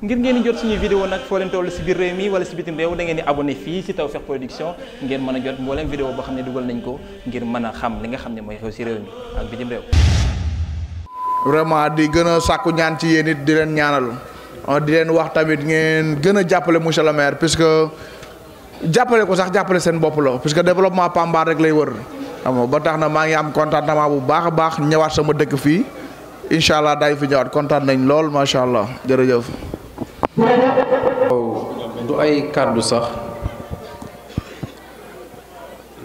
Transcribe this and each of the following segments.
ngir ngeen di jot suñuy vidéo nag foo leen toll si biir réew mi wala si bitim réew da ngeen di abonné fii si Tawfekh Production ngeen mën a jot mbooleem vidéo boo xam ne dugal nañ ko ngir mën a xam li nga xam ne mooy xew si réew mi ak bitim réew vraiment di gën a sàkku ñaan ci yéen di leen ñaanal ah, di leen wax tamit ngeen gën a jàppale monsieur le maire puisque jàppale ko sax jàppale seen bopp la puisque développement Pambaar rek lay wër ba tax na maa ngi am contentement bu baax a baax ñawaat sama dëkk fii incha allah daay fi ñëwaat kontaan nañ lool macha allah jërëjëf. du ay kàddu sax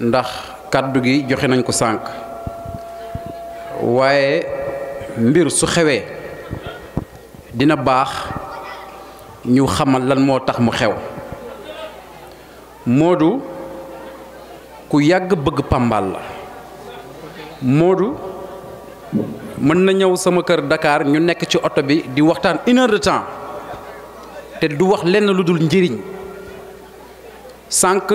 ndax kàddu gi joxe nañ ko sànq waaye mbir su xewee dina baax ñu xamal lan moo tax mu xew Modou ku yàgg bëgg Pambal la moodu mën na ñëw sama kër Dakar ñu nekk ci oto bi di waxtaan une temps te du wax lenn lu dul njëriñ sànq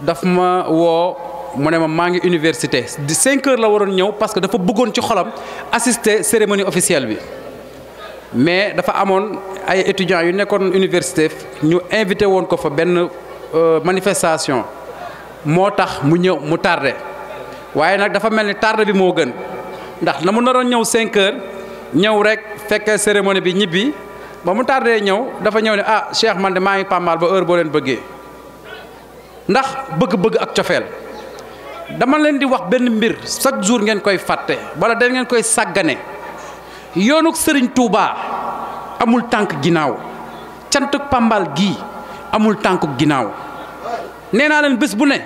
daf ma woo mu ne ma maa ngi université di cinq heures la waroon ñëw parce que dafa buggoon ci xolam assister cérémonie officielle bi mais dafa amoon ay étudiants yu nekkoon université ñu invité woon ko fa benn euh, manifestation moo tax mu ñëw mu tardé waaye nag dafa mel ni tardé bi moo gën ndax na mu naroon ñëw cinq heures ñëw rek fekkee cérémonie bi ñibbi. ba mu tardé ñëw dafa ñëw ne ah Cheikh man de maa ngi pàmmaal ba heure boo leen bëggee ndax bëgg-bëgg ak cofeel dama leen di wax benn mbir chaque jour ngeen koy fàtte wala da ngeen koy sàggane yoonuk sëriñ Touba amul tànk ginnaaw cantuk pàmbaal gii amul tànku ginnaaw nee naa leen bés bu ne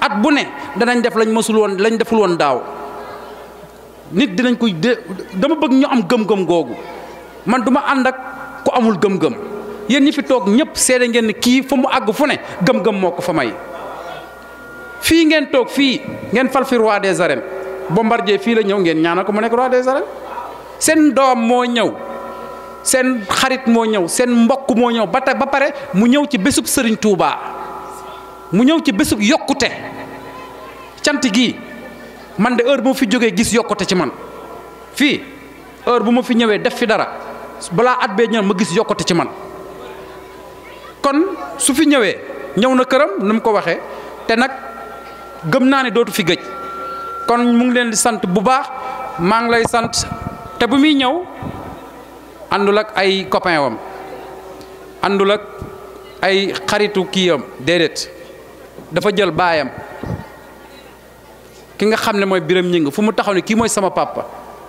at bu ne danañ def lañ mësul lañ deful woon daaw nit dinañ koy dama bëgg ñu am gëm-gëm googu man duma ànd ak ku amul gëm-gëm yéen ñi fi toog ñëpp seede ngeen kii fa mu àgg fu ne gëm-gëm moo ko fa may. fii ngeen toog fii ngeen fal fi roi des arènes Bombardier fii la ñëw ngeen ñaanal ko mu nekk roi des arènes seen doom moo ñëw seen xarit moo ñëw seen mbokk moo ñëw ba tey ba pare mu ñëw ci bésub sëriñ Touba mu ñëw ci bésub yokkute cant gi man de heure bu ma fi jógee gis yokkute ci man fii heure bu ma fi ñëwee def fi dara. balaa at bee ñëw ma gis yokkute ci man kon su fi ñëwee ñëw na këram nu mu ko waxee te nag gëm naa ne dootu fi gëj kon mu ngi leen di sant bu baax maa ngi lay sant te bu muy ñëw àndul ak ay copain wam àndul ak ay xaritu kiiyam déedéet dafa jël baayam ki nga xam ne mooy biram ñi ngi fu mu taxaw ne kii mooy sama papa.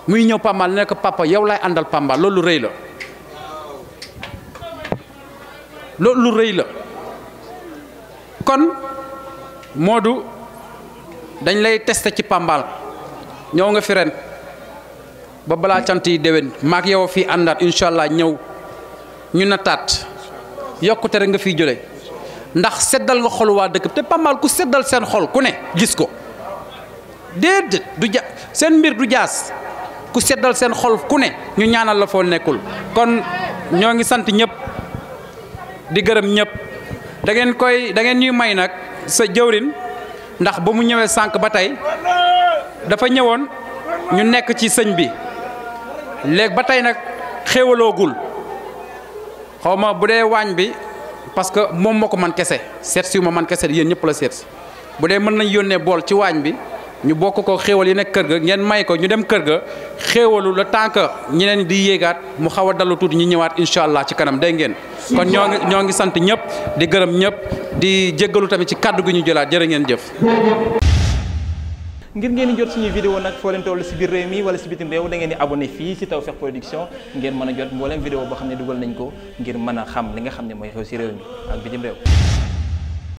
muy ñëw Pambal nekk papa yow laay àndal Pambal loolu rëy la loolu rëy la kon Modou dañ lay tester ci Pambal ñëw nga fi ren ba balaa cant yi déwén maak yow fii àndaat incha allah ñëw ñu nataat yokkute rek nga fi jëlee ndax seddal nga xol waa dëkk te Pambal ku seddal seen xol ku ne gis ko déedéet du ja seen mbir du jaas. ku seddal seen xol ku ne ñu ñaanal la foo nekkul kon ñoo ngi sant ñëpp di gërëm ñëpp da ngeen koy dangeen ñuy may nag sa jëwrin ndax ba mu ñëwee sànq ba tey dafa ñëwoon ñu nekk ci sëñ bi léegi ba tey nag xéewaloogul xaw ma bu dee waañ bi parce que moom moo ko man kese seet siwu man kese yéen ñëpp la seet bu dee mën nañ yónnee bool ci waañ bi ñu bokk ko xéewal yi nekk kër ga ngeen may ko ñu dem kër ga xéewalu la temps que ñeneen di yéegaat mu xaw a dalu tuuti ñu ñëwaat incha allah ci kanam dégg ngeen. kon ñoo ngi ñoo ngi sant ñëpp di gërëm ñëpp di jéggalu tamit ci kàddu gi ñu jëlaat jërë ngeen jëf. ngir ngeen di jot suñuy vidéo nag foo leen toll si biir réew mi wala si bitim réew da ngeen di abonné fii si Tawfekh Production ngeen mën a jot mbooleem vidéo boo xam ne dugal nañ ko ngir mën a xam li nga xam ne mooy xew si réew mi ak bitim réew.